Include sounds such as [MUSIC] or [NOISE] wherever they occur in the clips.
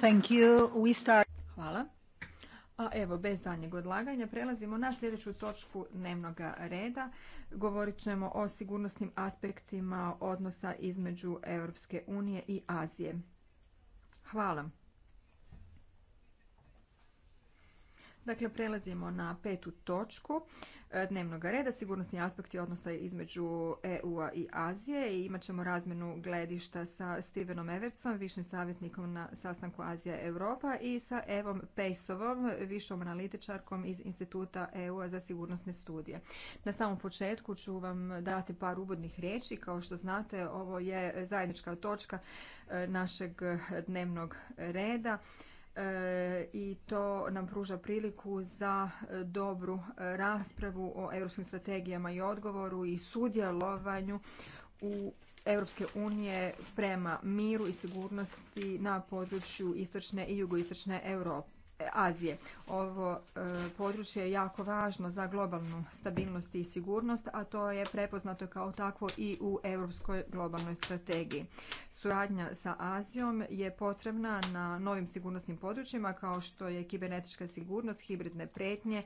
Thank Hvala. A evo, bez daljnjeg odlaganja, prelazimo na sljedeću točku dnevnog reda. Govorit ćemo o sigurnosnim aspektima odnosa između Europske unije i Azije. Hvala. Dakle, prelazimo na petu točku e, dnevnog reda, sigurnosni aspekti odnosa između EU-a i Azije i imat ćemo razmjenu gledišta sa Stevenom Evertsom, višim savjetnikom na sastanku Azija-Europa i sa Evom Pejsovom, višom analitičarkom iz Instituta EU-a za sigurnosne studije. Na samom početku ću vam dati par uvodnih riječi. Kao što znate, ovo je zajednička točka e, našeg dnevnog reda. E, i to nam pruža priliku za e, dobru e, raspravu o europskim strategijama i odgovoru i sudjelovanju u Europske unije prema miru i sigurnosti na području istočne i jugoistočne Europe. Azije. Ovo e, područje je jako važno za globalnu stabilnost i sigurnost, a to je prepoznato kao takvo i u europskoj globalnoj strategiji. Suradnja sa Azijom je potrebna na novim sigurnosnim područjima kao što je kibernetička sigurnost, hibridne pretnje,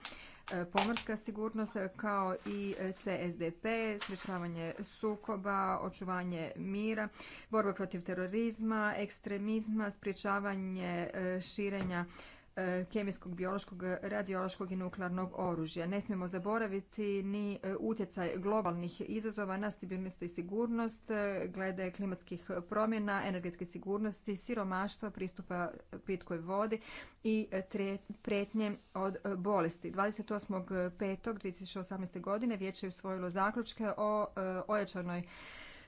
e, pomorska sigurnost kao i CSDP, sprječavanje sukoba, očuvanje mira, borba protiv terorizma, ekstremizma, sprječavanje e, širenja E, kemijskog, biološkog, radiološkog i nuklearnog oružja. Ne smijemo zaboraviti ni e, utjecaj globalnih izazova na stabilnost i sigurnost e, glede klimatskih promjena, energetske sigurnosti, siromaštva, pristupa pitkoj vodi i prijetnje od bolesti. 28.5.2018. godine vijeće je usvojilo zaključke o ojačanoj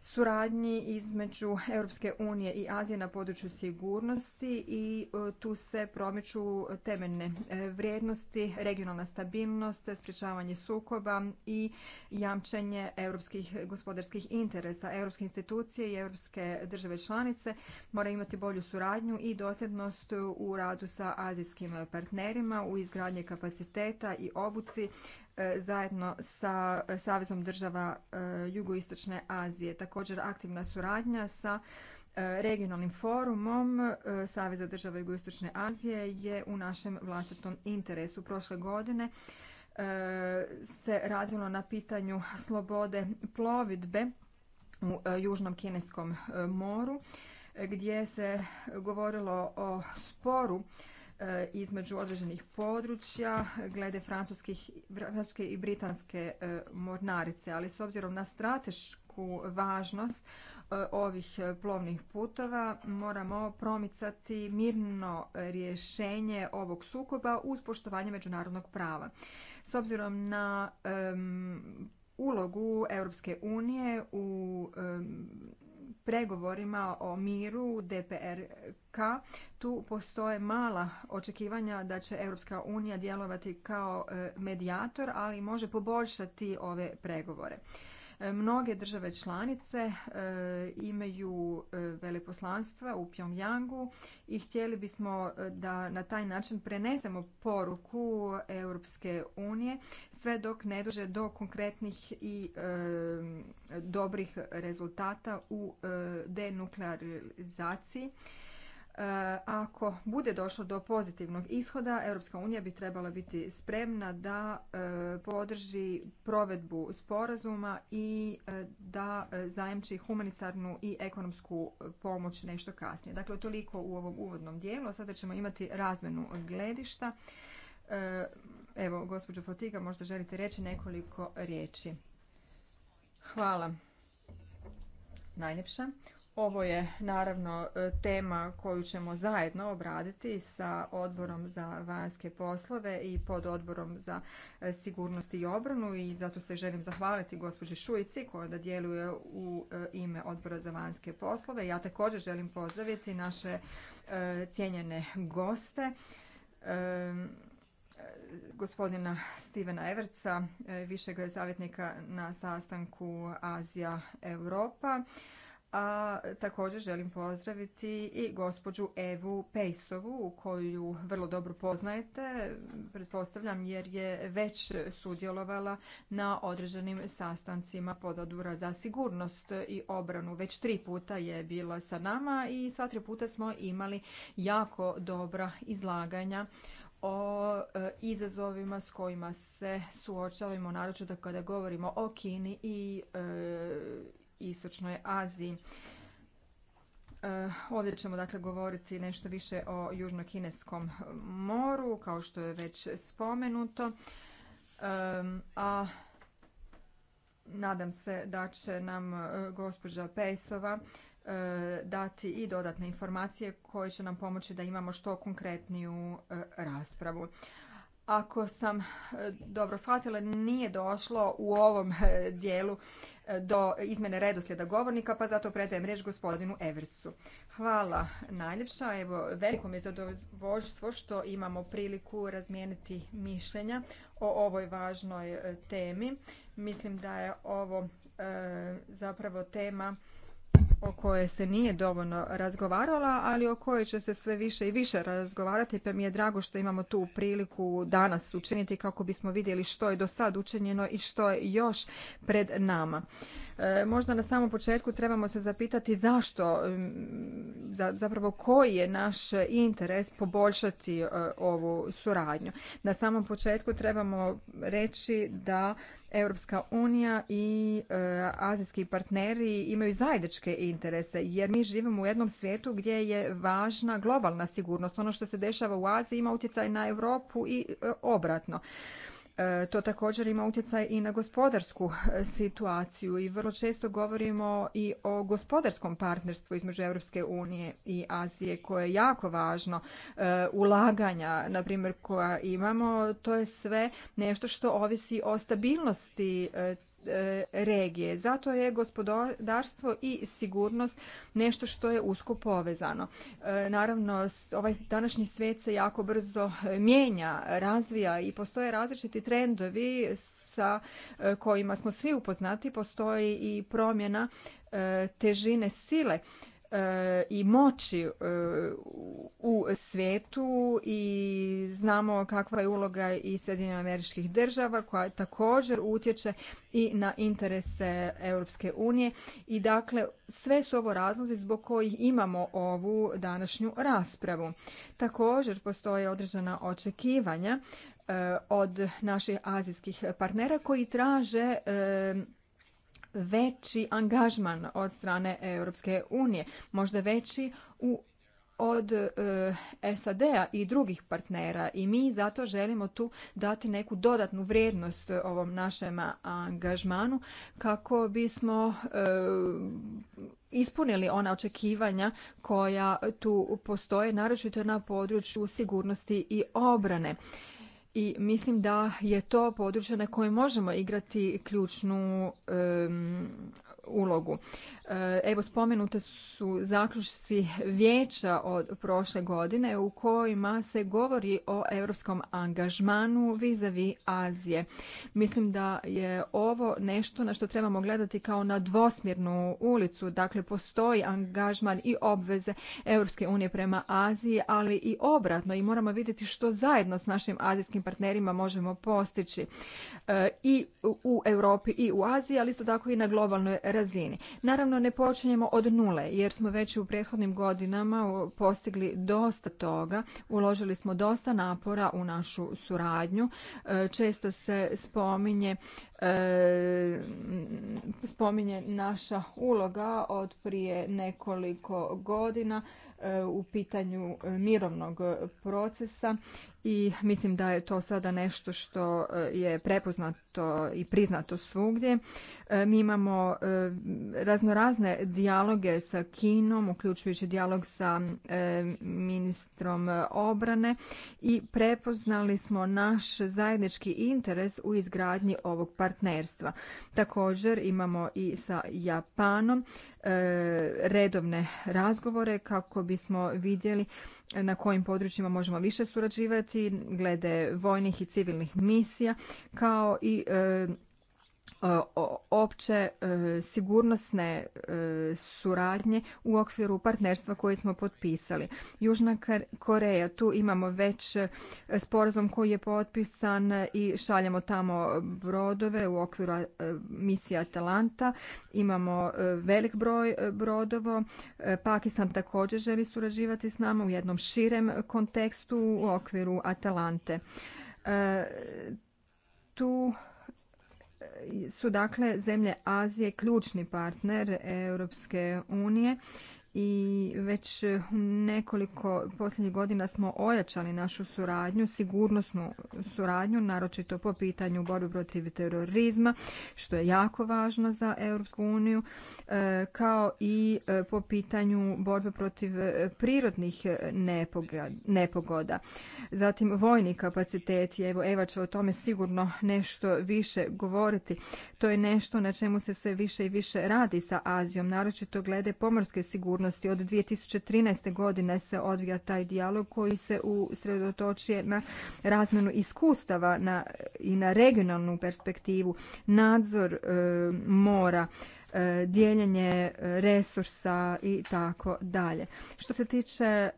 suradnji između Europske unije i Azije na području sigurnosti i e, tu se promiču temeljne e, vrijednosti, regionalna stabilnost, sprječavanje sukoba i jamčenje europskih gospodarskih interesa. Europske institucije i europske države članice moraju imati bolju suradnju i dosljednost u radu sa azijskim partnerima, u izgradnje kapaciteta i obuci E, zajedno sa e, Savezom država e, jugoistočne Azije. Također aktivna suradnja sa regionalnim forumom Saveza država jugoistočne Azije je u našem vlastitom interesu. Prošle godine se radilo na pitanju slobode plovidbe u Južnom kineskom moru gdje se govorilo o sporu E, između određenih područja glede francuskih, francuske i britanske e, mornarice, ali s obzirom na stratešku važnost e, ovih plovnih putova moramo promicati mirno rješenje ovog sukoba uz poštovanje međunarodnog prava. S obzirom na ulogu Europske unije u pregovorima o miru DPRK tu postoje mala očekivanja da će Europska unija djelovati kao e, medijator, ali može poboljšati ove pregovore. E, mnoge države članice e, imaju e, veleposlanstva u Pjongjangu i htjeli bismo da na taj način prenesemo poruku Europske unije sve dok ne dođe do konkretnih i dobrih rezultata u denuklearizaciji Eh, ako bude došlo do pozitivnog ishoda, Europska unija bi trebala biti spremna da eh, podrži provedbu sporazuma i eh, da zajamči humanitarnu i ekonomsku pomoć nešto kasnije. Dakle, toliko u ovom uvodnom dijelu. Sada ćemo imati razmenu gledišta. Evo, gospođo Fotiga, možda želite reći nekoliko riječi. Hvala. Najljepša. Ovo je naravno e, tema koju ćemo zajedno obraditi sa odborom za vanjske poslove i pod odborom za e, sigurnost i obranu i zato se želim zahvaliti gospođi Šuici koja da djeluje u e, ime odbora za vanjske poslove. Ja također želim pozdraviti naše cijenjene goste gospodina Stevena Everca, višeg savjetnika na sastanku Azija-Europa a također želim pozdraviti i gospođu Evu Pejsovu koju vrlo dobro poznajete, pretpostavljam jer je već sudjelovala na određenim sastancima Pododura za sigurnost i obranu. Već tri puta je bila sa nama i sva tri puta smo imali jako dobra izlaganja o e, izazovima s kojima se suočavamo, naročito kada govorimo o Kini i e, Istočnoj Aziji. E, ovdje ćemo dakle govoriti nešto više o Južno-Kineskom moru, kao što je već spomenuto. E, a nadam se da će nam e, gospođa Pejsova dati i dodatne informacije koje će nam pomoći da imamo što konkretniju raspravu ako sam e, dobro shvatila, nije došlo u ovom e, dijelu e, do izmjene redoslijeda govornika, pa zato predajem riječ gospodinu Evercu. Hvala najljepša. Evo, veliko mi je zadovoljstvo što imamo priliku razmijeniti mišljenja o ovoj važnoj temi. Mislim da je ovo zapravo tema o kojoj se nije dovoljno razgovarala, ali o kojoj će se sve više i više razgovarati, pa mi je drago što imamo tu priliku danas učiniti kako bismo vidjeli što je do sad učinjeno i što je još pred nama. E, možda na samom početku trebamo se zapitati zašto, zapravo koji je naš interes poboljšati e, ovu suradnju. Na samom početku trebamo reći da Europska unija i e, azijski partneri imaju zajedničke interese jer mi živimo u jednom svijetu gdje je važna globalna sigurnost. Ono što se dešava u Aziji ima utjecaj na Europu i obratno. E, to također ima utjecaj i na gospodarsku e, situaciju i vrlo često govorimo i o gospodarskom partnerstvu između Europske unije i Azije koje je jako važno. E, ulaganja, na primjer, koja imamo, to je sve nešto što ovisi o stabilnosti E, regije. Zato je gospodarstvo i sigurnost nešto što je usko povezano. E, naravno, ovaj današnji svijet se jako brzo mijenja, razvija i postoje različiti trendovi sa e, kojima smo svi upoznati. Postoji i promjena težine sile E, i moći e, u svijetu i znamo kakva je uloga i Sjedinjenih američkih država koja također utječe i na interese Europske unije i dakle sve su ovo razlozi zbog kojih imamo ovu današnju raspravu. Također postoje određena očekivanja e, od naših azijskih partnera koji traže veći angažman od strane Europske unije, možda veći u od e, SAD-a i drugih partnera i mi zato želimo tu dati neku dodatnu vrijednost ovom našem angažmanu kako bismo e, ispunili ona očekivanja koja tu postoje naročito na području sigurnosti i obrane i mislim da je to područje na kojem možemo igrati ključnu ulogu E, evo spomenute su zaključci vijeća od prošle godine u kojima se govori o europskom angažmanu vizavi Azije. Mislim da je ovo nešto na što trebamo gledati kao na dvosmjernu ulicu. Dakle, postoji angažman i obveze Europske unije prema Aziji, ali i obratno i moramo vidjeti što zajedno s našim azijskim partnerima možemo postići e, i u Europi i u Aziji, ali isto tako i na globalnoj razini. Naravno, naravno ne počinjemo od nule jer smo već u prethodnim godinama postigli dosta toga, uložili smo dosta napora u našu suradnju. E, često se spominje e, spominje naša uloga od prije nekoliko godina e, u pitanju mirovnog procesa i mislim da je to sada nešto što e, je prepoznato i priznato svugdje. E, mi imamo e, raznorazne dijaloge sa Kinom, uključujući dijalog sa ministrom obrane i prepoznali smo naš zajednički interes u izgradnji ovog partnerstva. Također imamo i sa Japanom redovne razgovore kako bismo vidjeli na kojim područjima možemo više surađivati glede vojnih i civilnih misija kao i e, E, opće e, sigurnosne e, suradnje u okviru partnerstva koje smo potpisali. Južna Koreja, tu imamo već sporazum koji je potpisan i šaljemo tamo brodove u okviru misije Atalanta. Imamo velik broj brodova. Pakistan također želi surađivati s nama u jednom širem kontekstu u okviru Atalante. Tu su dakle zemlje Azije ključni partner Europske unije i već e, nekoliko posljednjih godina smo ojačali našu suradnju, sigurnosnu suradnju, naročito po pitanju borbe protiv terorizma, što je jako važno za Europsku uniju, e, kao i e, po pitanju borbe protiv prirodnih nepogoda. Zatim vojni kapacitet, evo Eva će o tome sigurno nešto više govoriti. To je nešto na čemu se sve više i više radi sa Azijom, naročito glede pomorske sigurnosti od 2013. godine se odvija taj dijalog koji se usredotočuje na razmenu iskustava na, i na regionalnu perspektivu, nadzor e, mora, e, dijeljenje e, resursa i tako dalje. Što se tiče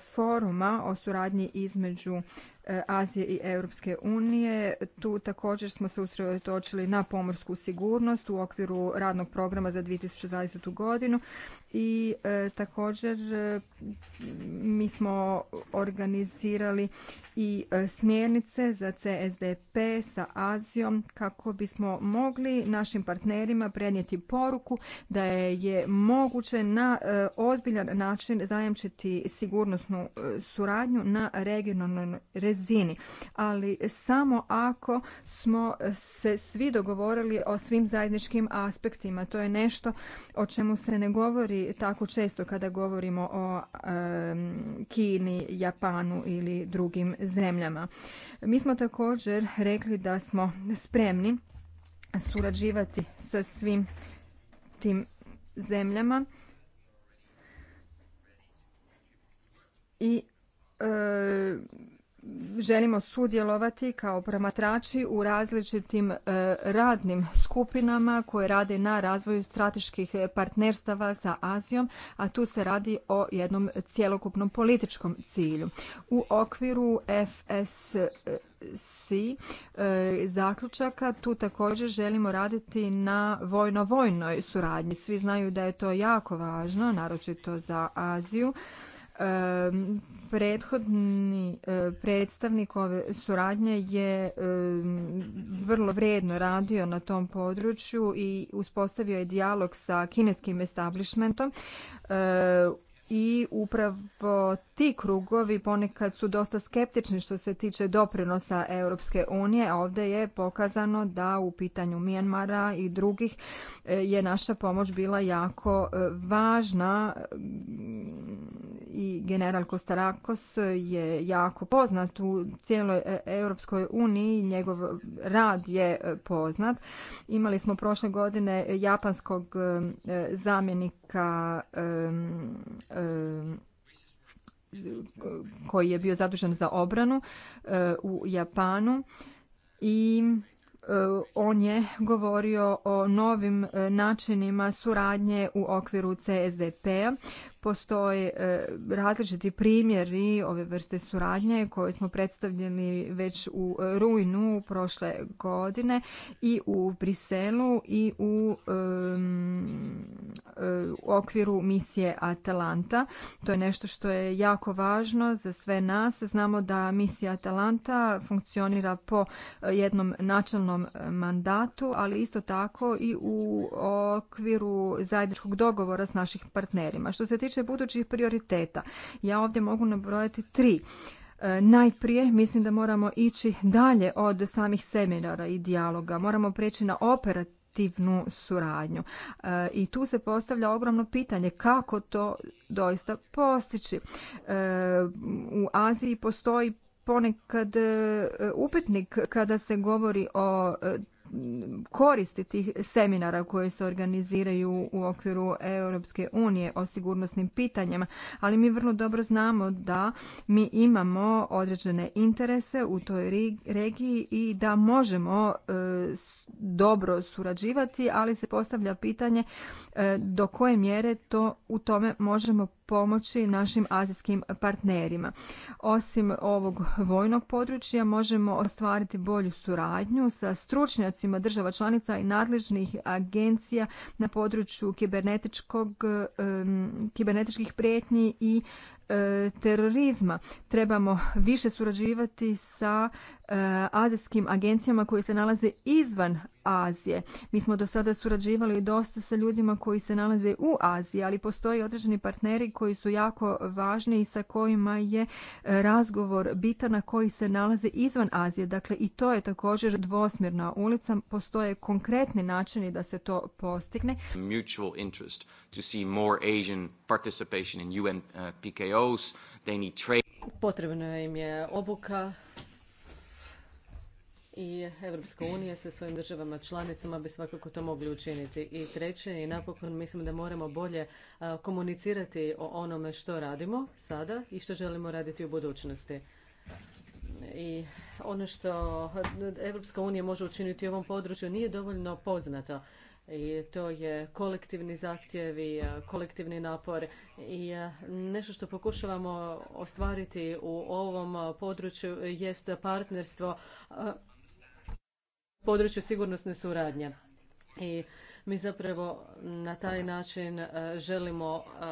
foruma o suradnji između E, Azije i Europske unije. Tu također smo se usredotočili na pomorsku sigurnost u okviru radnog programa za 2020. godinu i e, također e, mi smo organizirali i smjernice za CSDP sa Azijom kako bismo mogli našim partnerima prenijeti poruku da je moguće na ozbiljan način zajamčiti sigurnosnu suradnju na regionalnoj zini. ali samo ako smo se svi dogovorili o svim zajedničkim aspektima. To je nešto o čemu se ne govori tako često kada govorimo o Kini, Japanu ili drugim zemljama. Mi smo također rekli da smo spremni surađivati sa svim tim zemljama i e, želimo sudjelovati kao promatrači u različitim e, radnim skupinama koje rade na razvoju strateških partnerstava sa Azijom, a tu se radi o jednom cjelokupnom političkom cilju. U okviru FSC e, zaključaka tu također želimo raditi na vojno-vojnoj suradnji. Svi znaju da je to jako važno, naročito za Aziju Prethodni e, predstavnik ove suradnje je vrlo vredno radio na tom području i uspostavio je dijalog sa kineskim establishmentom e, i upravo ti krugovi ponekad su dosta skeptični što se tiče doprinosa Europske unije, a ovdje je pokazano da u pitanju Mijanmara i drugih e, je naša pomoć bila jako važna i general Kostarakos je jako poznat u cijeloj e, Europskoj uniji, njegov rad je e, poznat. Imali smo prošle godine japanskog e, zamjenika koji je bio zadužen za obranu u Japanu i on je govorio o novim načinima suradnje u okviru CSDP-a Postoje e, različiti primjeri ove vrste suradnje koje smo predstavljeni već u e, rujnu prošle godine i u Briselu i u, e, u okviru misije Atalanta. To je nešto što je jako važno za sve nas. Znamo da misija Atalanta funkcionira po jednom načelnom mandatu, ali isto tako i u okviru zajedničkog dogovora s naših partnerima. Što se tiče budućih prioriteta, ja ovdje mogu nabrojati tri. E, najprije mislim da moramo ići dalje od samih seminara i dijaloga. Moramo preći na operativnu suradnju. E, I tu se postavlja ogromno pitanje kako to doista postići. E, u Aziji postoji ponekad upetnik kada se govori o koristi tih seminara koje se organiziraju u okviru Europske unije o sigurnosnim pitanjima, ali mi vrlo dobro znamo da mi imamo određene interese u toj regiji i da možemo e, dobro surađivati, ali se postavlja pitanje e, do koje mjere to u tome možemo pomoći našim azijskim partnerima. Osim ovog vojnog područja možemo ostvariti bolju suradnju sa stručnjacima država članica i nadležnih agencija na području kibernetičkih prijetnji i e, terorizma. Trebamo više surađivati sa e, azijskim agencijama koje se nalaze izvan Azije. Mi smo do sada surađivali dosta sa ljudima koji se nalaze u Aziji, ali postoje određeni partneri koji su jako važni i sa kojima je e, razgovor bitan na koji se nalaze izvan Azije. Dakle, i to je također dvosmjerna ulica. Postoje konkretni načini da se to postigne. Mutual interest to see more Asian participation in UN uh, PKOs. They need trade. Potrebno im je obuka, i Europska unija sa svojim državama članicama bi svakako to mogli učiniti. I treće, i napokon mislim da moramo bolje komunicirati o onome što radimo sada i što želimo raditi u budućnosti. I ono što Europska unija može učiniti u ovom području nije dovoljno poznato. I to je kolektivni zahtjevi, kolektivni napor i nešto što pokušavamo ostvariti u ovom području jest partnerstvo području sigurnosne suradnje. I mi zapravo na taj način e, želimo e,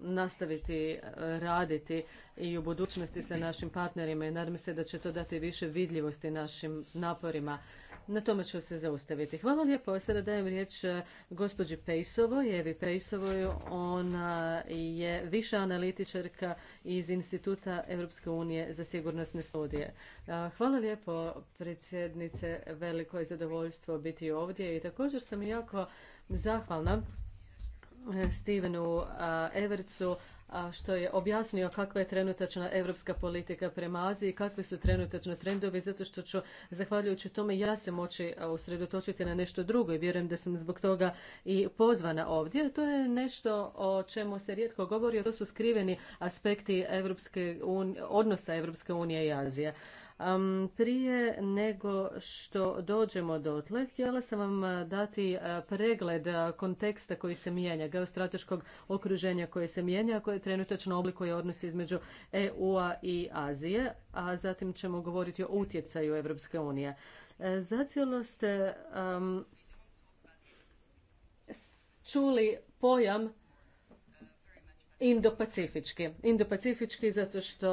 nastaviti e, raditi i u budućnosti sa našim partnerima i nadam se da će to dati više vidljivosti našim naporima. Na tome ću se zaustaviti. Hvala lijepo. Sada dajem riječ e, gospođi Pejsovoj, Jevi Pejsovoj. Ona je viša analitičarka iz Instituta Europske unije za sigurnosne studije. E, hvala lijepo predsjednice. Veliko je zadovoljstvo biti ovdje i također sam jako zahvalna e, Stevenu Evercu što je objasnio kakva je trenutačna europska politika prema Aziji, kakvi su trenutačno trendovi, zato što ću, zahvaljujući tome, ja se moći usredotočiti na nešto drugo i vjerujem da sam zbog toga i pozvana ovdje. To je nešto o čemu se rijetko govori, a to su skriveni aspekti odnosa Evropske unije i Azije. Prije nego što dođemo dotle, htjela sam vam dati pregled konteksta koji se mijenja, geostrateškog okruženja koje se mijenja, koje trenutačno oblikuje odnos između EU-a i Azije, a zatim ćemo govoriti o utjecaju Europske unije. E, Zacijelo ste čuli pojam Indopacifički. pacifički zato što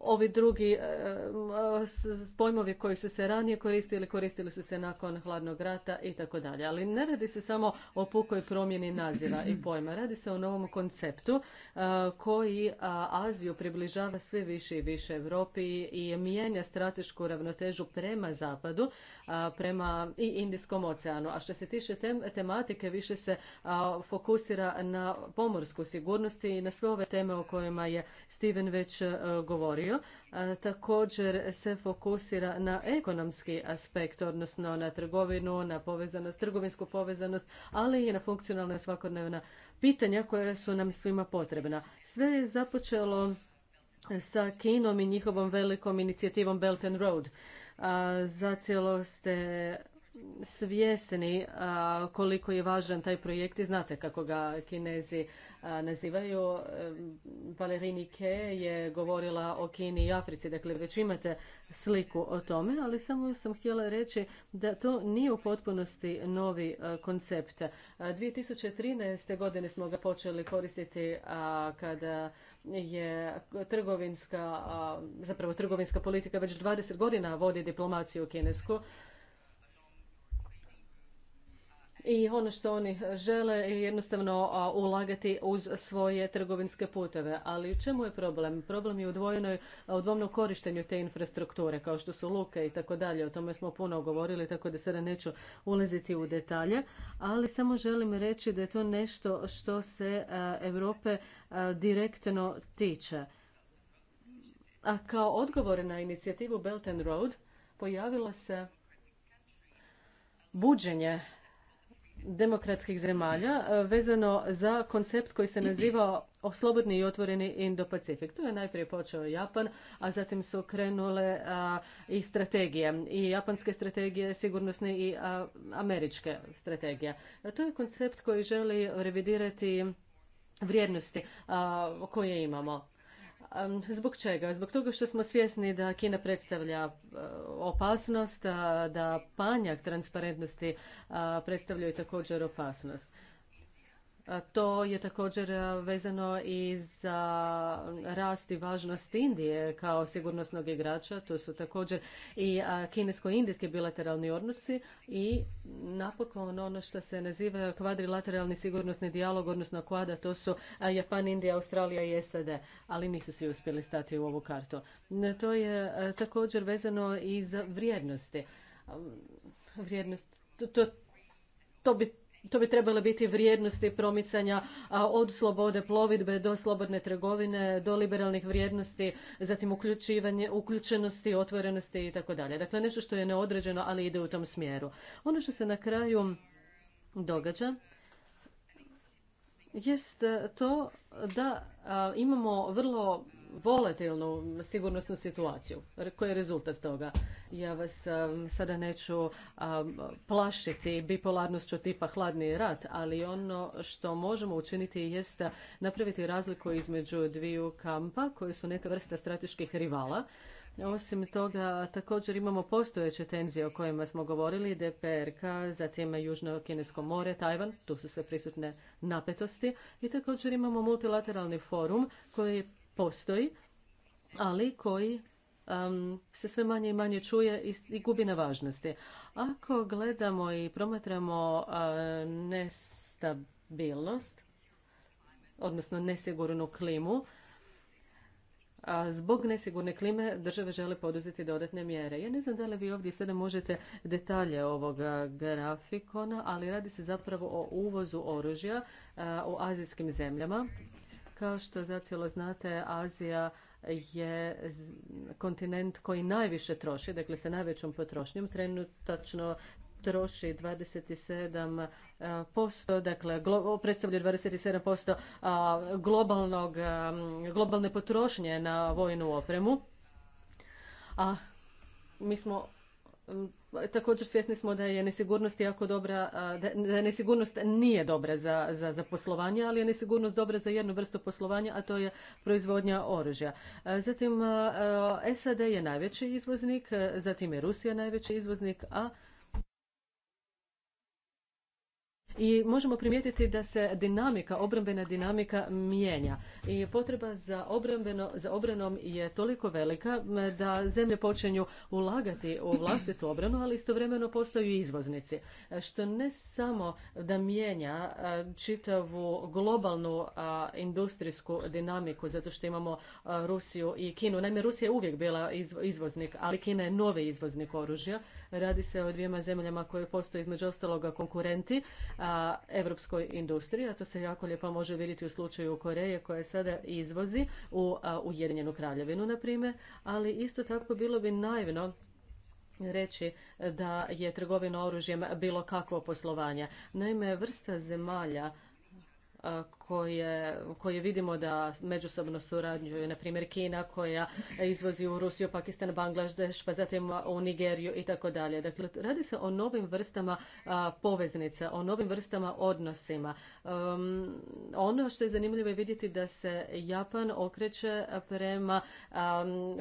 ovi drugi e, e, pojmovi koji su se ranije koristili, koristili su se nakon hladnog rata i tako dalje. Ali ne radi se samo o pukoj promjeni naziva i [CLEARS THROAT] pojma. Radi se o novom konceptu e, koji Aziju približava sve više i više Europi i mijenja stratešku ravnotežu prema zapadu, prema i Indijskom oceanu. A što se tiče tematike, više se fokusira na pomorsku sigurnost i na sve ove teme o kojima je Steven već govorio također se fokusira na ekonomski aspekt, odnosno na trgovinu, na povezanost, trgovinsku povezanost, ali i na funkcionalna svakodnevna pitanja koja su nam svima potrebna. Sve je započelo sa Kinom i njihovom velikom inicijativom Belt and Road. zacijelo ste svjesni koliko je važan taj projekt i znate kako ga Kinezi nazivaju. Nike je govorila o Kini i Africi, dakle već imate sliku o tome, ali samo sam htjela reći da to nije u potpunosti novi e, koncept. 2013. godine smo ga počeli koristiti kada je trgovinska, zapravo trgovinska politika već 20 godina vodi diplomaciju kinesku i ono što oni žele je jednostavno ulagati uz svoje trgovinske puteve. Ali u čemu je problem? Problem je u, dvojnoj, u korištenju te infrastrukture, kao što su luke i tako dalje. O tome smo puno govorili, tako da sada neću ulaziti u detalje. Ali samo želim reći da je to nešto što se Europe direktno tiče. A kao odgovor na inicijativu Belt and Road pojavilo se buđenje demokratskih zemalja e, vezano za koncept koji se naziva slobodni i otvoreni Indo-Pacifik. To je najprije počeo Japan, a zatim su krenule i strategije. I japanske strategije, sigurnosne i američke strategije. E, to je koncept koji želi revidirati vrijednosti koje imamo. Zbog čega? Zbog toga što smo svjesni da Kina predstavlja e, opasnost, da panjak transparentnosti predstavljaju također opasnost. To je također e, vezano i za rast i važnost Indije kao sigurnosnog igrača. To su također i kinesko-indijski bilateralni odnosi i napokon ono što se naziva kvadrilateralni sigurnosni dijalog, odnosno kvada, to su Japan, Indija, Australija i SAD, ali nisu svi uspjeli stati u ovu kartu. To je također vezano i za vrijednosti. Vrijednost, to bi to bi trebale biti vrijednosti promicanja od slobode plovidbe do slobodne trgovine, do liberalnih vrijednosti, zatim uključivanje, uključenosti, otvorenosti i tako dalje. Dakle, nešto što je neodređeno, ali ide u tom smjeru. Ono što se na kraju događa jest to da imamo vrlo volatilnu sigurnosnu situaciju. Koji je rezultat toga? Ja vas sada neću plašiti bipolarnošću tipa hladni rat, ali ono što možemo učiniti jest napraviti razliku između dviju kampa koji su neka vrsta strateških rivala. Osim toga, također imamo postojeće tenzije o kojima smo govorili, DPRK, zatim Južno-Kinesko more, Tajvan, tu su sve prisutne napetosti. I također imamo multilateralni forum koji je postoji, ali koji se sve manje i manje čuje i, gubi na važnosti. Ako gledamo i promatramo nestabilnost, odnosno nesigurnu klimu, zbog nesigurne klime države žele poduzeti dodatne mjere. Ja ne znam da li vi ovdje sada možete detalje ovog grafikona, ali radi se zapravo o uvozu oružja u azijskim zemljama kao što zacijelo znate, Azija je kontinent koji najviše troši, dakle sa najvećom potrošnjom, trenutačno troši 27%, dakle predstavlja 27% globalnog, globalne potrošnje na vojnu opremu. A mi smo Također svjesni smo da je nesigurnost jako dobra, da nesigurnost nije dobra za, za, za poslovanje, ali je nesigurnost dobra za jednu vrstu poslovanja, a to je proizvodnja oružja. Zatim SAD je najveći izvoznik, zatim je Rusija najveći izvoznik, a i možemo primijetiti da se dinamika, obrambena dinamika mijenja i potreba za, obrambeno, za obranom je toliko velika da zemlje počinju ulagati u vlastitu obranu, ali istovremeno postaju izvoznici, što ne samo da mijenja čitavu globalnu industrijsku dinamiku, zato što imamo Rusiju i Kinu. Naime, Rusija je uvijek bila izvoznik, ali Kina je novi izvoznik oružja Radi se o dvijema zemljama koje postoje između ostaloga konkurenti europskoj evropskoj industriji, a to se jako lijepo može vidjeti u slučaju Koreje koja sada izvozi u Ujedinjenu kraljevinu, na primjer, ali isto tako bilo bi naivno reći da je trgovina oružjem bilo kakvo poslovanje. Naime, vrsta zemalja koje, koje vidimo da međusobno surađuju, na primjer Kina koja izvozi u Rusiju, Pakistan, Bangladeš, pa zatim u Nigeriju i tako dalje. Dakle, radi se o novim vrstama poveznica, o novim vrstama odnosima. ono što je zanimljivo je vidjeti da se Japan okreće prema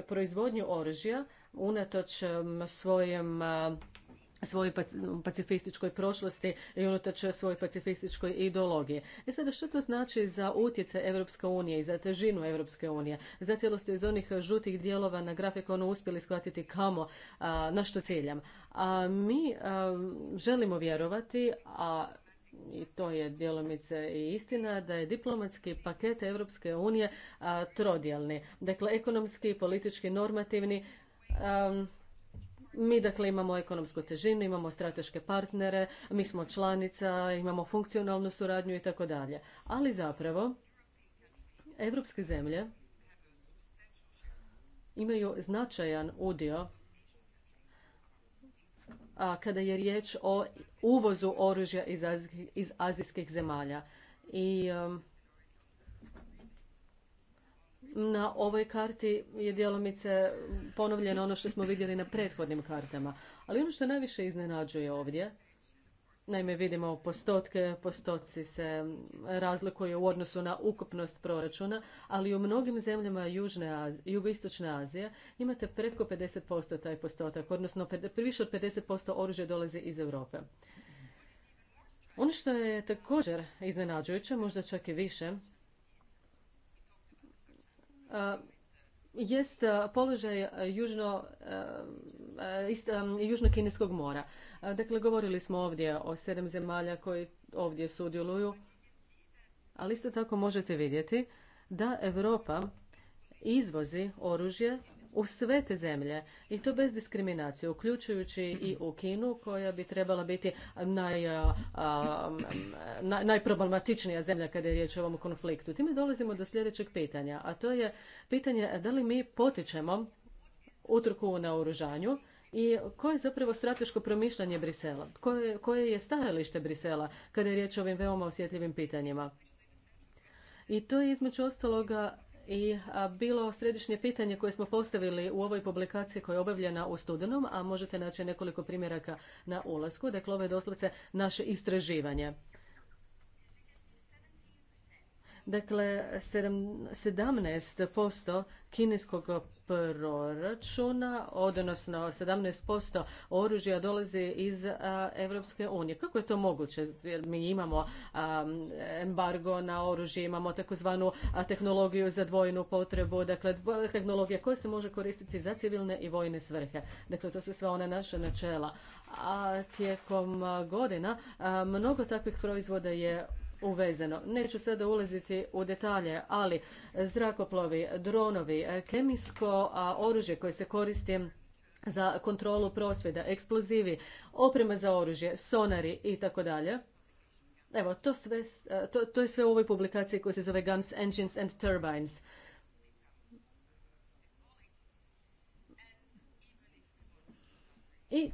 proizvodnji proizvodnju oružja unatoč svojim svojoj pacifističkoj prošlosti i unatoč svojoj pacifističkoj ideologiji. E sada što to znači za utjecaj Europske unije i za težinu Europske unije? Za ste iz onih žutih dijelova na grafikonu uspjeli shvatiti kamo, na što ciljam. mi želimo vjerovati, a i to je djelomice i istina, da je diplomatski paket Europske unije trodjelni. Dakle, ekonomski, politički, normativni, mi dakle imamo ekonomsku težinu, imamo strateške partnere, mi smo članica, imamo funkcionalnu suradnju i tako dalje. Ali zapravo evropske zemlje imaju značajan udio a, kada je riječ o uvozu oružja iz, azijskih zemalja. I um, na ovoj karti je djelomice ponovljeno ono što smo vidjeli na prethodnim kartama. Ali ono što najviše iznenađuje ovdje, naime vidimo postotke, postoci se razlikuju u odnosu na ukupnost proračuna, ali u mnogim zemljama Južne Jugoistočne Azije imate preko 50% taj postotak, odnosno više od 50% oružja dolazi iz Europe. Ono što je također iznenađujuće, možda čak i više, E, jest e, položaj e, južno, kineskog mora. Dakle, govorili smo ovdje o sedam zemalja koji ovdje sudjeluju, ali isto tako možete vidjeti da Europa izvozi oružje u sve te zemlje i to bez diskriminacije, uključujući i u Kinu koja bi trebala biti naj, najproblematičnija zemlja kada je riječ o ovom konfliktu. Time dolazimo do sljedećeg pitanja, a to je pitanje da li mi potičemo utrku na oružanju i koje je zapravo strateško promišljanje Brisela? Koje, koje je stajalište Brisela kada je riječ o ovim veoma osjetljivim pitanjima? I to je između ostaloga i bilo središnje pitanje koje smo postavili u ovoj publikaciji koja je obavljena u studenom, a možete naći nekoliko primjeraka na ulasku. Dakle, ovo je doslovce naše istraživanje Dakle, 17% kineskog proračuna, odnosno 17% oružja dolazi iz Europske unije. Kako je to moguće? Jer mi imamo embargo na oružje, imamo takozvanu tehnologiju za dvojnu potrebu, dakle tehnologija koja se može koristiti za civilne i vojne svrhe. Dakle, to su sva ona naša načela. A tijekom godina mnogo takvih proizvoda je uvezeno. Neću sada ulaziti u detalje, ali zrakoplovi, dronovi, kemijsko oružje koje se koristi za kontrolu prosvjeda, eksplozivi, oprema za oružje, sonari i tako dalje. Evo, to, sve, to, to je sve u ovoj publikaciji koja se zove Guns, Engines and Turbines. I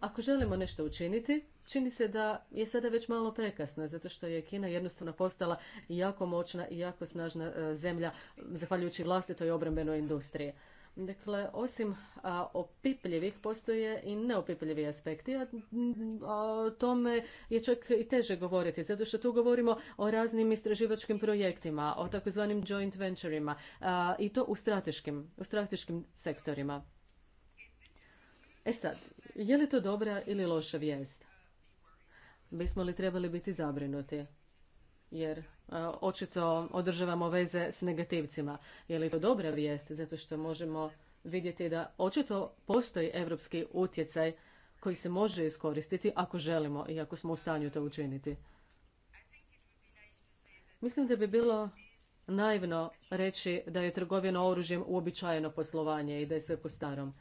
ako želimo nešto učiniti, čini se da je sada već malo prekasno, zato što je Kina jednostavno postala jako moćna i jako snažna e, zemlja, zahvaljujući vlastitoj obrambenoj industriji. Dakle, osim opipljivih postoje i neopipljivi aspekti, a o tome je čak i teže govoriti, zato što tu govorimo o raznim istraživačkim projektima, o takozvanim joint venturima i to u strateškim, u strateškim sektorima. E sad, je li to dobra ili loša vijest? Bismo li trebali biti zabrinuti? Jer e, očito održavamo veze s negativcima. Je li to dobra vijest? Zato što možemo vidjeti da očito postoji evropski utjecaj koji se može iskoristiti ako želimo i ako smo u stanju to učiniti. Mislim da bi bilo naivno reći da je trgovina oružjem uobičajeno poslovanje i da je sve po starom.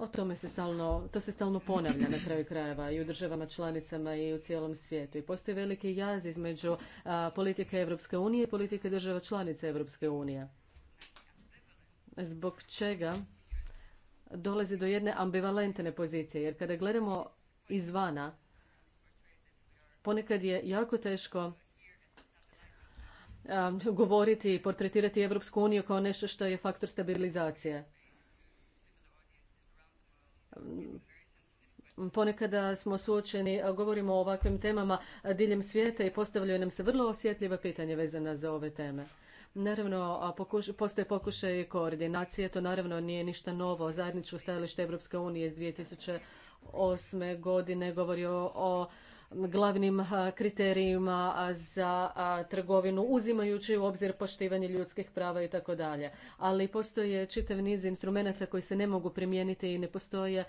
O tome se stalno, to se stalno ponavlja na kraju krajeva i u državama članicama i u cijelom svijetu. I postoji veliki jaz između politike Europske unije i politike država članica Europske unije. Zbog čega dolazi do jedne ambivalentne pozicije, jer kada gledamo izvana, ponekad je jako teško govoriti i portretirati Europsku uniju kao nešto što je faktor stabilizacije ponekada smo suočeni, govorimo o ovakvim temama diljem svijeta i postavljaju nam se vrlo osjetljiva pitanja vezana za ove teme. Naravno, postoje pokušaj koordinacije, to naravno nije ništa novo. Zajedničko stajalište Europske unije iz 2008. godine govori o glavnim kriterijima za trgovinu uzimajući u obzir poštivanje ljudskih prava i tako dalje. Ali postoje čitav niz instrumenata koji se ne mogu primijeniti i ne postoje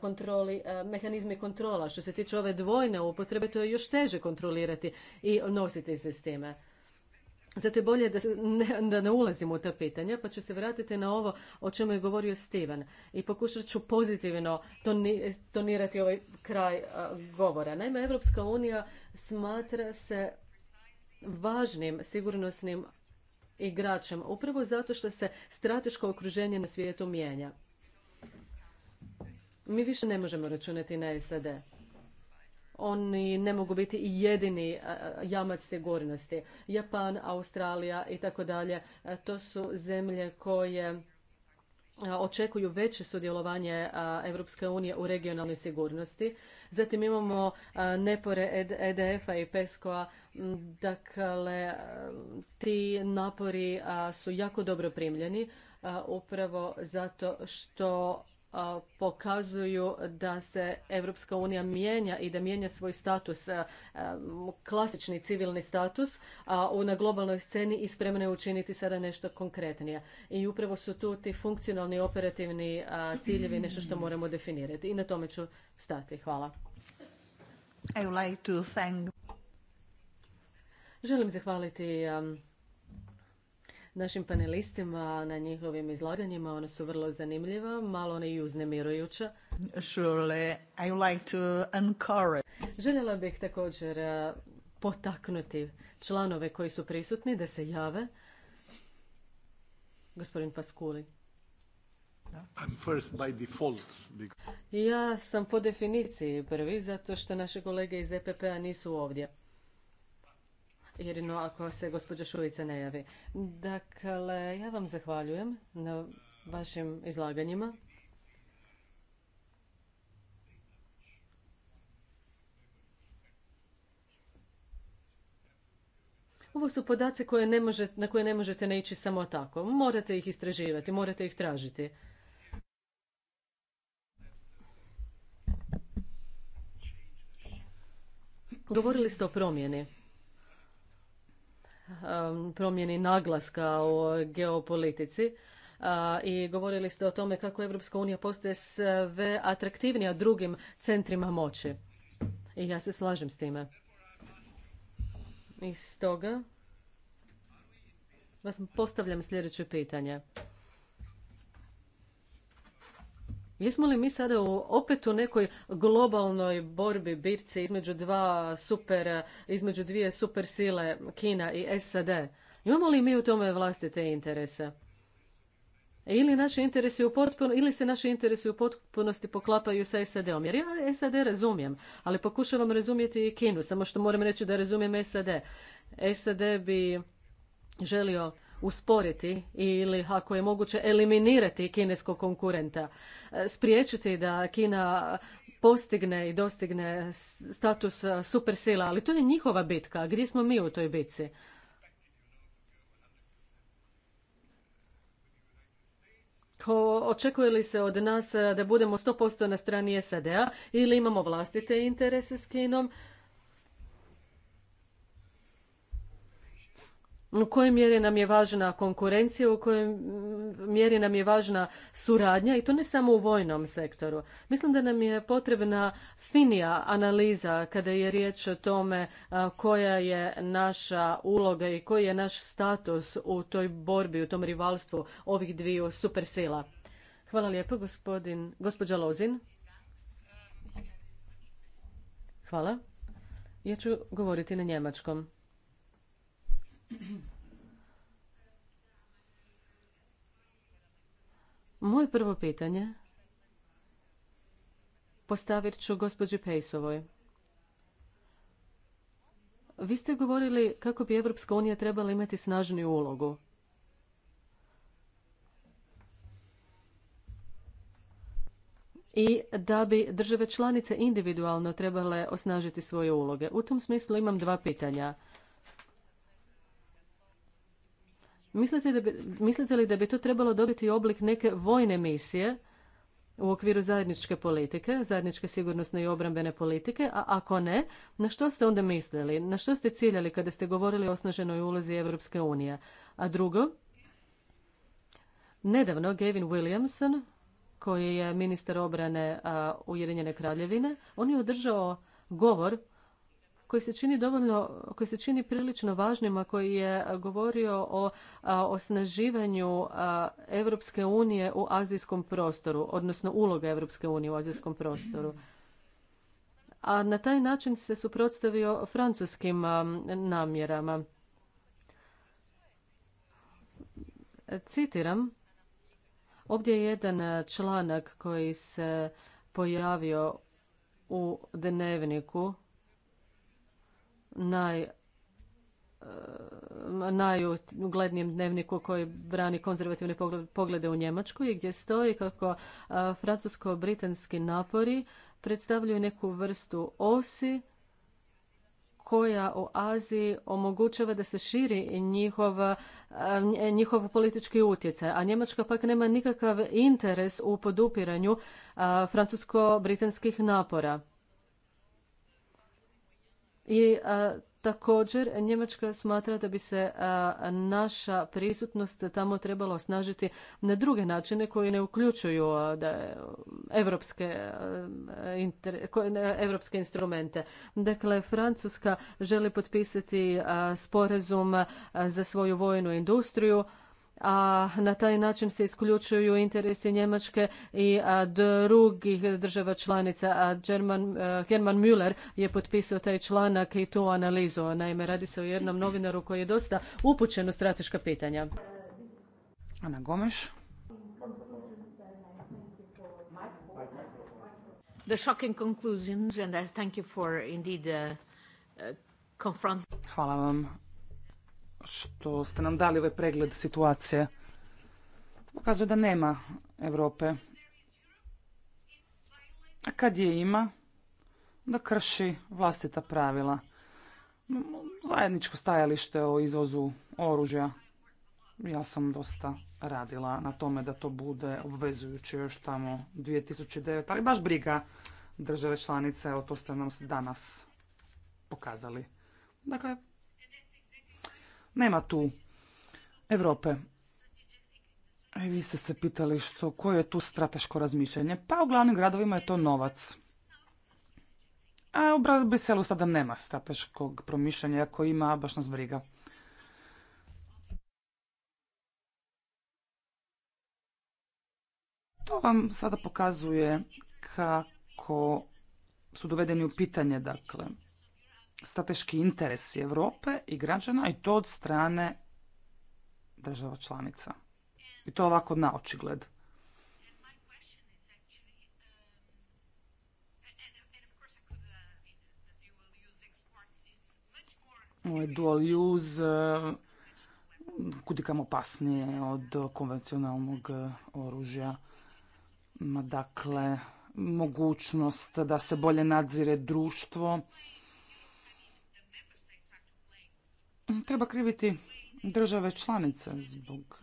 kontroli, mehanizmi kontrola. Što se tiče ove dvojne upotrebe, to je još teže kontrolirati i nositi se s time. Zato je bolje da ne, da ne ulazimo u ta pitanja, pa ću se vratiti na ovo o čemu je govorio Steven. I pokušat ću pozitivno tonirati ovaj kraj govora. Naime, Evropska unija smatra se važnim sigurnosnim igračem, upravo zato što se strateško okruženje na svijetu mijenja. Mi više ne možemo računati na SAD oni ne mogu biti jedini e, jamac sigurnosti. Japan, Australija i tako dalje, e, to su zemlje koje e, očekuju veće sudjelovanje Europske unije u regionalnoj sigurnosti. Zatim imamo nepore EDF-a i PESCO-a. Dakle, ti napori su jako dobro primljeni upravo zato što pokazuju da se Europska unija mijenja i da mijenja svoj status, klasični civilni status, a na globalnoj sceni i spremna je učiniti sada nešto konkretnije. I upravo su tu ti funkcionalni operativni ciljevi nešto što moramo definirati. I na tome ću stati. Hvala. I Želim zahvaliti našim panelistima na njihovim izlaganjima. Ona su vrlo zanimljiva, malo ona i uznemirujuća. Surely, I like to encourage. Željela bih također potaknuti članove koji su prisutni da se jave. Gospodin Paskuli. Ja sam po definiciji prvi, zato što naše kolege iz EPP-a nisu ovdje jedino ako se gospođa Šuica ne javi. Dakle, ja vam zahvaljujem na vašim izlaganjima. Ovo su podaci koje ne možete, na koje ne možete samo tako. Morate ih istraživati, morate ih tražiti. Govorili ste o promjeni. Um, promjeni naglaska o geopolitici uh, i govorili ste o tome kako Evropska unija postaje sve atraktivnija drugim centrima moći. I ja se slažem s time. I stoga vas postavljam sljedeće pitanje. Jesmo li mi sada opet u nekoj globalnoj borbi, bitci između dva super, između dvije super sile, Kina i SAD? Imamo li mi u tome vlastite interese? Ili, naši interesi u potpuno, ili se naši interesi u potpunosti poklapaju sa SAD-om. Jer ja SAD razumijem, ali pokušavam razumjeti i Kinu, samo što moram reći da razumijem SAD. SAD bi želio usporiti ili ako je moguće eliminirati kineskog konkurenta, e, spriječiti da Kina postigne i dostigne status e, supersila, ali to je njihova bitka. Gdje smo mi u toj bitci? Očekuje li se od nas e, da budemo 100% na strani SAD-a ili imamo vlastite interese s Kinom? u kojoj mjeri nam je važna konkurencija, u kojoj mjeri nam je važna suradnja i to ne samo u vojnom sektoru. Mislim da nam je potrebna finija analiza kada je riječ o tome koja je naša uloga i koji je naš status u toj borbi, u tom rivalstvu ovih dviju supersila. Hvala lijepo, gospodin, gospođa Lozin. Hvala. Ja ću govoriti na njemačkom. Moje prvo pitanje postavit ću gospođi Pejsovoj. Vi ste govorili kako bi Evropska unija trebala imati snažniju ulogu. I da bi države članice individualno trebale osnažiti svoje uloge. U tom smislu imam dva pitanja. Mislite, da mislite li da bi to trebalo dobiti oblik neke vojne misije u okviru zajedničke politike, zajedničke sigurnosne i obrambene politike, a ako ne, na što ste onda mislili, na što ste ciljali kada ste govorili o osnaženoj ulozi Europske unije? A drugo, nedavno Gavin Williamson, koji je ministar obrane Ujedinjene kraljevine, on je održao govor koji se čini dovoljno, koji se čini prilično a koji je govorio o osnaživanju Europske unije u azijskom prostoru, odnosno uloga Europske unije u azijskom prostoru. A na taj način se suprotstavio francuskim namjerama. Citiram, ovdje je jedan članak koji se pojavio u dnevniku naj e, najuglednijem dnevniku koji brani konzervativne poglede u Njemačkoj i gdje stoji kako e, francusko-britanski napori predstavljaju neku vrstu osi koja u Aziji omogućava da se širi njihov, e, njihov politički utjecaj, a Njemačka pak nema nikakav interes u podupiranju francusko-britanskih napora. I Također, Njemačka smatra da bi se naša prisutnost tamo trebala osnažiti na druge načine koji ne uključuju a, da, evropske, inter, evropske instrumente. Dakle, Francuska želi potpisati sporazum za svoju vojnu industriju, a na taj način se isključuju interesi Njemačke i drugih država članica. A German, Herman Müller je potpisao taj članak i tu analizu. Naime, radi se o jednom novinaru koji je dosta upućen u strateška pitanja. Hvala vam što ste nam dali ovaj pregled situacije. Pokazuje da nema Europe. A kad je ima, da krši vlastita pravila. Zajedničko stajalište o izvozu oružja. Ja sam dosta radila na tome da to bude obvezujuće još tamo 2009. Ali baš briga države članice, o to ste nam danas pokazali. Dakle, nema tu Europe. I e, vi ste se pitali što, koje je tu strateško razmišljanje. Pa u glavnim gradovima je to novac. A u Briselu sada nema strateškog promišljanja, ako ima, baš nas briga. To vam sada pokazuje kako su dovedeni u pitanje, dakle, strateški interes Europe i građana i to od strane država članica. I to ovako na očigled. Ovaj dual use eh, kudikam opasnije od konvencionalnog eh, oružja. Dakle, mogućnost da se bolje nadzire društvo, treba kriviti države članice zbog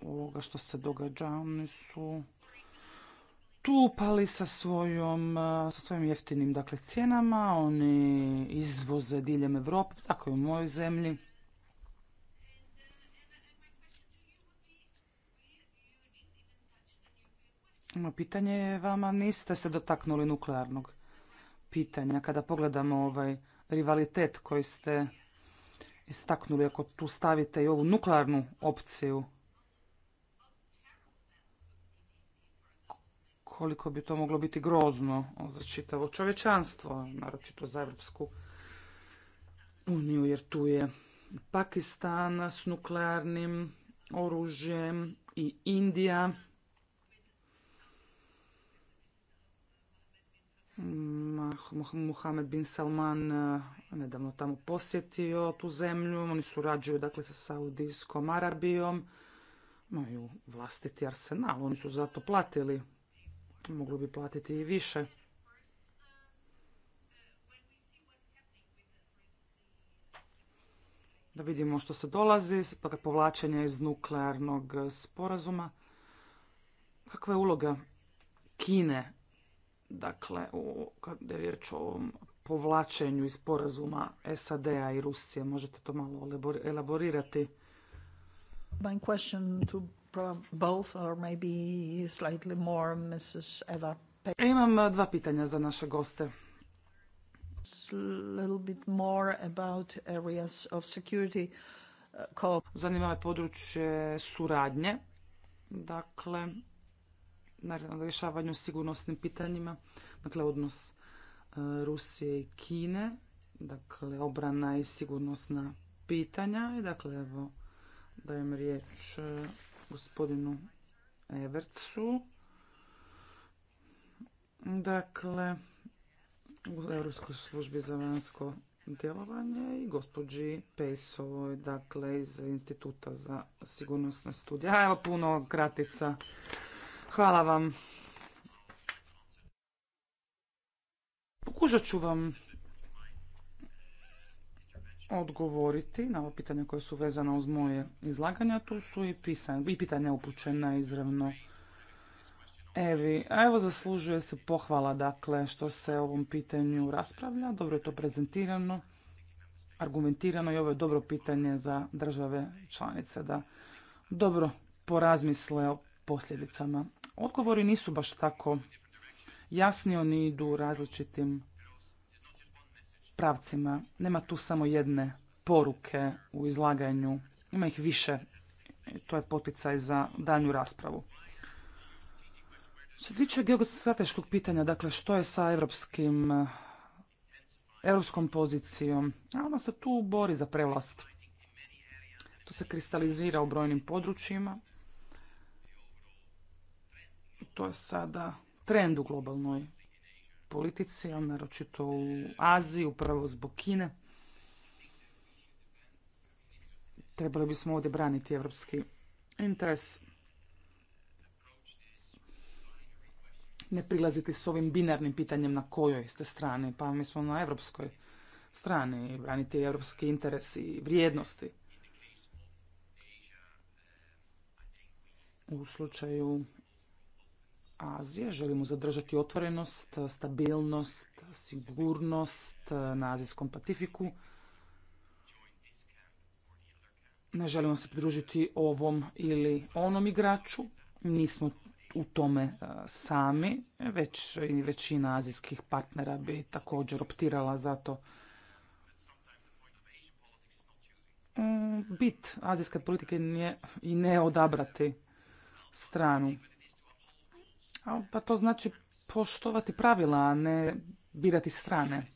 ovoga što se događa. Oni su tupali e, sa, svojim jeftinim dakle, cijenama, oni izvoze diljem Europe, tako i u mojoj zemlji. Moje pitanje je vama, niste se dotaknuli nuklearnog pitanja. Kada pogledamo ovaj rivalitet koji ste istaknuli, ako tu stavite i ovu nuklearnu opciju, koliko bi to moglo biti grozno za čitavo čovječanstvo, naročito za Evropsku uniju, jer tu je Pakistan s nuklearnim oružjem i Indija Mohamed bin Salman eh, nedavno tamo posjetio tu zemlju. Oni surađuju dakle sa Saudijskom Arabijom. Imaju vlastiti arsenal. Oni su zato platili. Mogli bi platiti i više. Da vidimo što se dolazi, pa povlačenje iz nuklearnog sporazuma. Kakva je uloga Kine dakle, o, kad je riječ o ovom povlačenju iz porazuma SAD-a i Rusije. Možete to malo elaborirati? My question to both or maybe slightly more Mrs. Eva. E, imam e, dva pitanja za naše goste. Little bit more about areas of security. Uh, Zanima me područje suradnje. Dakle, na rješavanju sigurnosnim pitanjima, dakle odnos e, Rusije i Kine, dakle obrana i sigurnosna pitanja. I dakle evo dajem riječ e, gospodinu Evercu. Dakle, u Europskoj službi za vanjsko djelovanje i gospođi Pejsovoj, dakle iz Instituta za sigurnosne studije. A evo puno kratica Hvala vam. Pokušat ću vam odgovoriti na ovo pitanje koje su vezana uz moje izlaganja. Tu su i, pitanje i pitanja upućena izravno Evi, a evo zaslužuje se pohvala dakle što se o ovom pitanju raspravlja, dobro je to prezentirano, argumentirano i ovo je dobro pitanje za države članice da dobro porazmisle o posljedicama. Odgovori nisu baš tako jasni, oni idu u različitim pravcima. Nema tu samo jedne poruke u izlaganju, ima ih više. To je poticaj za danju raspravu. Što se tiče geostrateškog pitanja, dakle što je sa evropskim, evropskom pozicijom, a ona se tu bori za prevlast. To se kristalizira u brojnim područjima. To je sada trend u globalnoj politici, a naročito u Aziji, upravo zbog Kine. Trebali bismo ovdje braniti evropski interes. Ne prilaziti s ovim binarnim pitanjem na kojoj ste strani, pa mi smo na evropskoj strani, braniti evropski interes i vrijednosti. U slučaju Azije. Želimo zadržati otvorenost, stabilnost, sigurnost eh, na Azijskom Pacifiku. Ne želimo se pridružiti ovom ili onom igraču. Nismo u tome eh, sami, već i većina azijskih partnera bi također optirala za to. Mm, bit azijske politike nije i ne odabrati stranu. Pa to znači poštovati pravila, a ne birati strane.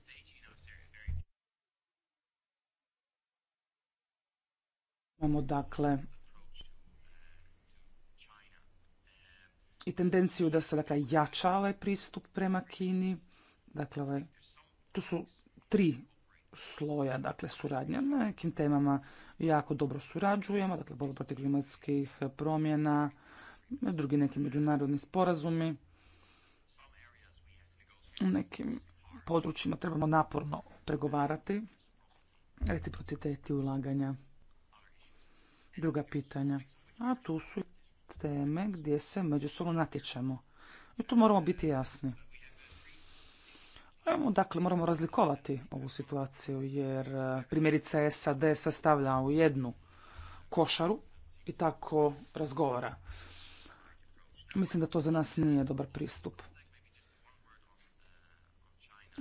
Imamo dakle i tendenciju da se dakle jača ovaj pristup prema Kini. Dakle, ovaj, tu su tri sloja dakle suradnja. Na nekim temama jako dobro surađujemo, dakle borba protiv klimatskih promjena, drugi neki međunarodni sporazumi. U nekim područjima trebamo naporno pregovarati. Reciprociteti ulaganja, druga pitanja. A tu su teme gdje se međusobno natječemo. I tu moramo biti jasni. Dakle, moramo razlikovati ovu situaciju jer e, primjerice SAD se stavlja u jednu košaru i tako razgovara. Mislim da to za nas nije dobar pristup.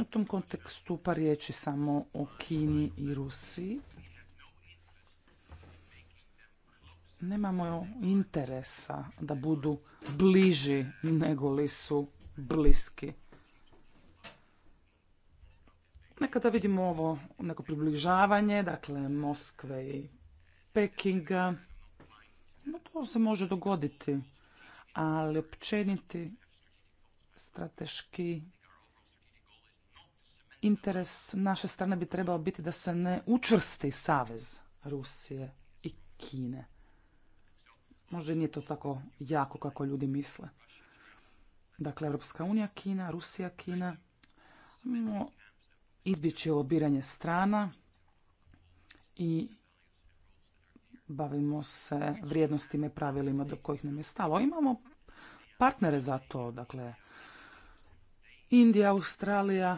U tom kontekstu pa riječi samo o Kini i Rusiji. Nemamo interesa da budu bliži nego li su bliski. Nekada vidimo ovo neko približavanje, dakle Moskve i Pekinga. No, to se može dogoditi ali općeniti strateški interes naše strane bi trebao biti da se ne učvrsti savez Rusije i Kine. Možda nije to tako jako kako ljudi misle. Dakle, Europska unija, Kina, Rusija, Kina. mimo izbjeći lobiranje strana i bavimo se vrijednostima i pravilima do kojih nam je stalo. Imamo partnere za to, dakle, Indija, Australija,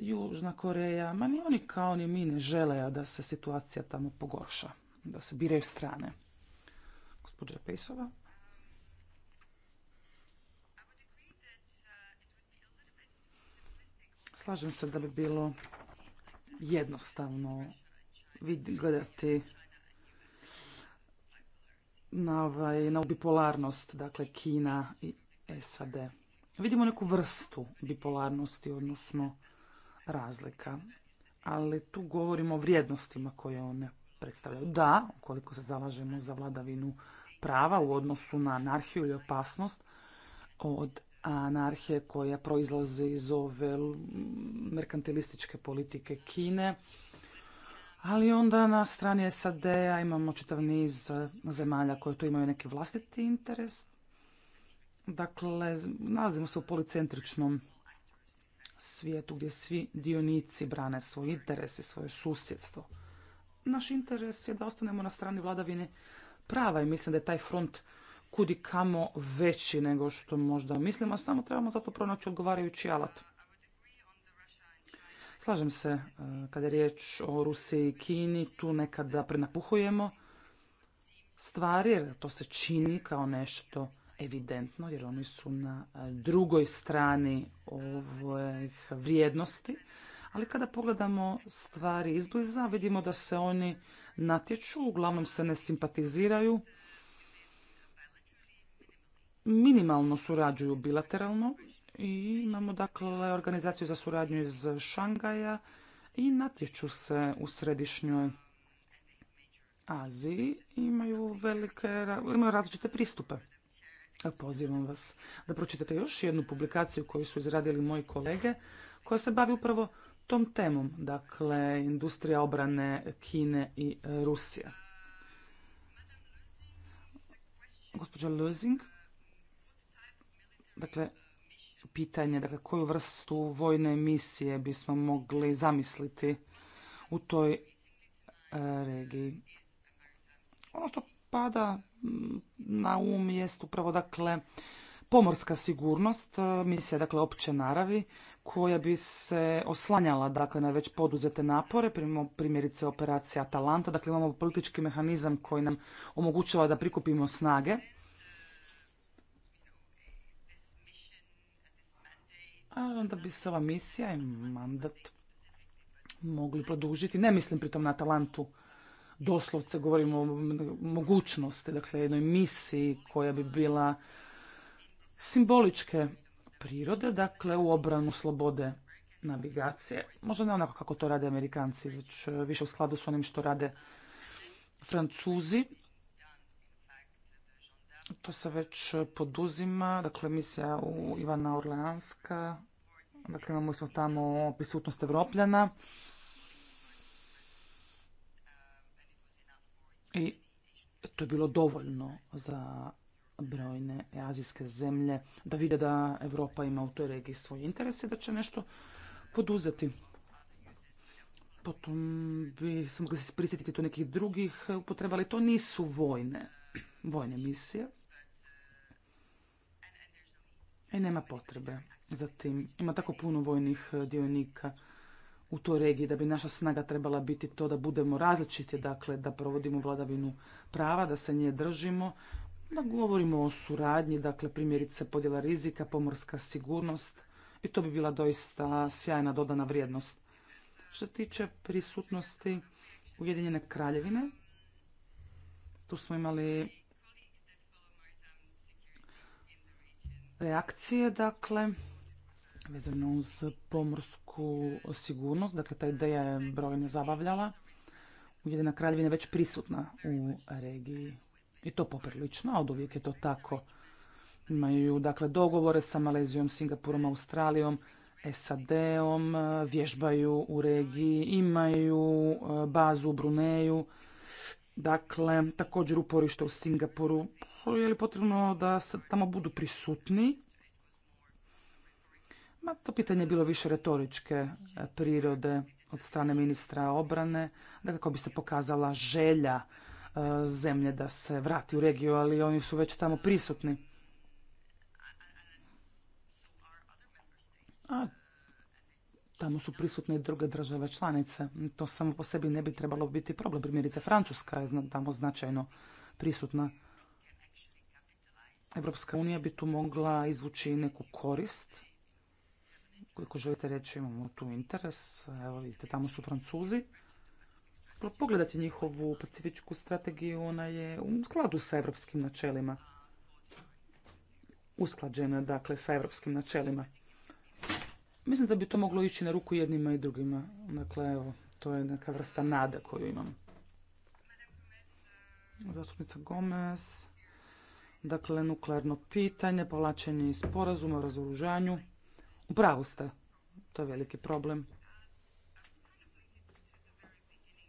Južna Koreja, ma ni oni kao ni mi ne žele da se situacija tamo pogorša, da se biraju strane. Gospodža Pejsova. Slažem se da bi bilo jednostavno gledati na, ovaj, na bipolarnost, dakle Kina i SAD. Vidimo neku vrstu bipolarnosti, odnosno razlika. Ali tu govorimo o vrijednostima koje one predstavljaju. Da, ukoliko se zalažemo za vladavinu prava u odnosu na anarhiju i opasnost od anarhije koja proizlazi iz ove merkantilističke politike Kine, ali onda na strani SAD-a imamo čitav niz eh, zemalja koje tu imaju neki vlastiti interes. Dakle, nalazimo se u policentričnom svijetu gdje svi dionici brane svoj interes i svoje susjedstvo. Naš interes je da ostanemo na strani vladavine prava i mislim da je taj front kudi kamo veći nego što možda mislimo, samo trebamo zato pronaći odgovarajući alat. Slažem se, e, kada je riječ o Rusiji i Kini, tu nekada prenapuhujemo stvari, jer to se čini kao nešto evidentno, jer oni su na e, drugoj strani ovih vrijednosti. Ali kada pogledamo stvari izbliza, vidimo da se oni natječu, uglavnom se ne simpatiziraju, minimalno surađuju bilateralno, i imamo dakle organizaciju za suradnju iz Šangaja i natječu se u središnjoj Aziji. Imaju, velike, imaju različite pristupe. Pozivam vas da pročitate još jednu publikaciju koju su izradili moji kolege koja se bavi upravo tom temom, dakle industrija obrane Kine i Rusije. Gospođa Lozing, dakle, pitanje, dakle koju vrstu vojne misije bismo mogli zamisliti u toj e, regiji. Ono što pada na um jest upravo dakle pomorska sigurnost, e, misija dakle opće naravi koja bi se oslanjala dakle na već poduzete napore, primjerice operacija Atalanta, dakle imamo politički mehanizam koji nam omogućava da prikupimo snage a onda bi se ova misija i mandat mogli produžiti. Ne mislim pritom na Atalantu, doslovce govorimo o mogućnosti, dakle jednoj misiji koja bi bila simboličke prirode, dakle u obranu slobode navigacije. Možda ne onako kako to rade Amerikanci, već e, više u skladu s onim što rade Francuzi, to se već poduzima, dakle misija u Ivana Orleanska, dakle imamo smo tamo prisutnost Evropljana. I to je bilo dovoljno za brojne azijske zemlje da vide da Europa ima u toj regiji svoje interese i da će nešto poduzeti. Potom bi se mogli prisjetiti tu nekih drugih upotreba, ali to nisu vojne, vojne misije i e, nema potrebe za tim. Ima tako puno vojnih e, dionika u toj regiji da bi naša snaga trebala biti to da budemo različiti, dakle da provodimo vladavinu prava, da se nje držimo, da govorimo o suradnji, dakle primjerice podjela rizika, pomorska sigurnost i to bi bila doista sjajna dodana vrijednost. Što tiče prisutnosti Ujedinjene kraljevine, tu smo imali reakcije, dakle, vezano uz pomorsku sigurnost. Dakle, ta ideja je brojno zabavljala. Ujedina kraljevina je već prisutna u regiji. I to poprilično, a od uvijek je to tako. Imaju, dakle, dogovore sa Malezijom, Singapurom, Australijom, SAD-om, vježbaju u regiji, imaju e, bazu u Bruneju. Dakle, također uporište u Singapuru je li potrebno da se tamo budu prisutni? Ma, to pitanje je bilo više retoričke e, prirode od strane ministra obrane, da kako bi se pokazala želja e, zemlje da se vrati u regiju, ali oni su već tamo prisutni. A tamo su prisutne i druge države članice. To samo po sebi ne bi trebalo biti problem. Primjerice, Francuska je tamo značajno prisutna. Evropska unija bi tu mogla izvući neku korist. Koliko želite reći, imamo tu interes. Evo vidite, tamo su Francuzi. Pogledajte njihovu pacifičku strategiju, ona je u skladu sa evropskim načelima. Usklađena, dakle, sa evropskim načelima. Mislim da bi to moglo ići na ruku jednima i drugima. Dakle, evo, to je neka vrsta nada koju imam. Zastupnica Gomez. Dakle, nuklearno pitanje, povlačenje iz sporazuma o razoružanju. U pravu ste. To je veliki problem.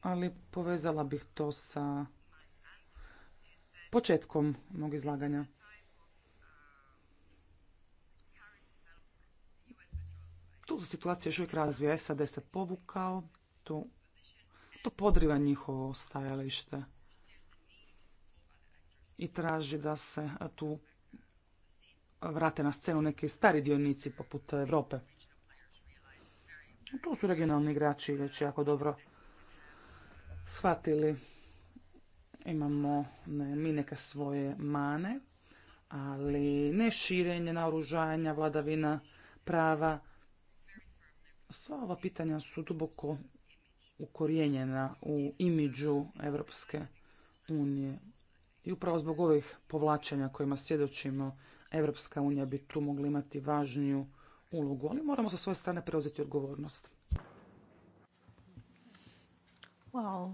Ali povezala bih to sa početkom mog izlaganja. Tu se situacija još uvijek razvija. SAD se povukao. To, to podriva njihovo stajalište i traži da se tu vrate na scenu neki stari dionici poput Europe. Tu su regionalni igrači već jako dobro shvatili. Imamo mi neke svoje mane, ali ne širenje naoružanja, vladavina prava. Sva ova pitanja su duboko ukorijenjena u imidžu Evropske unije. I upravo zbog ovih povlačenja kojima svjedočimo, Evropska unija bi tu mogla imati važniju ulogu, ali moramo sa svoje strane preuzeti odgovornost. Hvala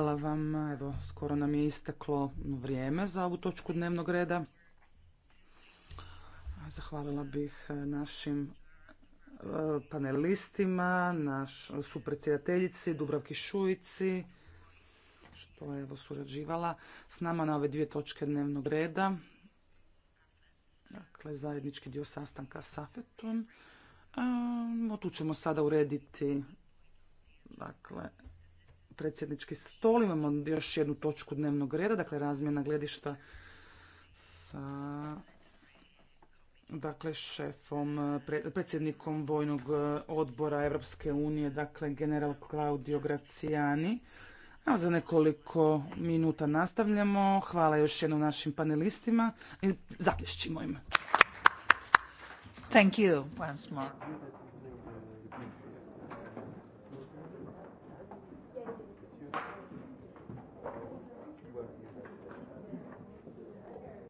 vam. Evo, skoro nam je isteklo vrijeme za ovu točku dnevnog reda. Zahvalila bih e, našim e, panelistima, naš supredsjedateljici Dubravki Šuici, što je evo surađivala s nama na ove dvije točke dnevnog reda. Dakle, zajednički dio sastanka s Afetom. Um, tu ćemo sada urediti dakle, predsjednički stol. Imamo još jednu točku dnevnog reda, dakle razmjena gledišta sa dakle šefom, predsjednikom Vojnog odbora Europske unije, dakle general Claudio Graziani za nekoliko minuta nastavljamo. Hvala još jednom našim panelistima i zaplješćimo im. Thank you once more.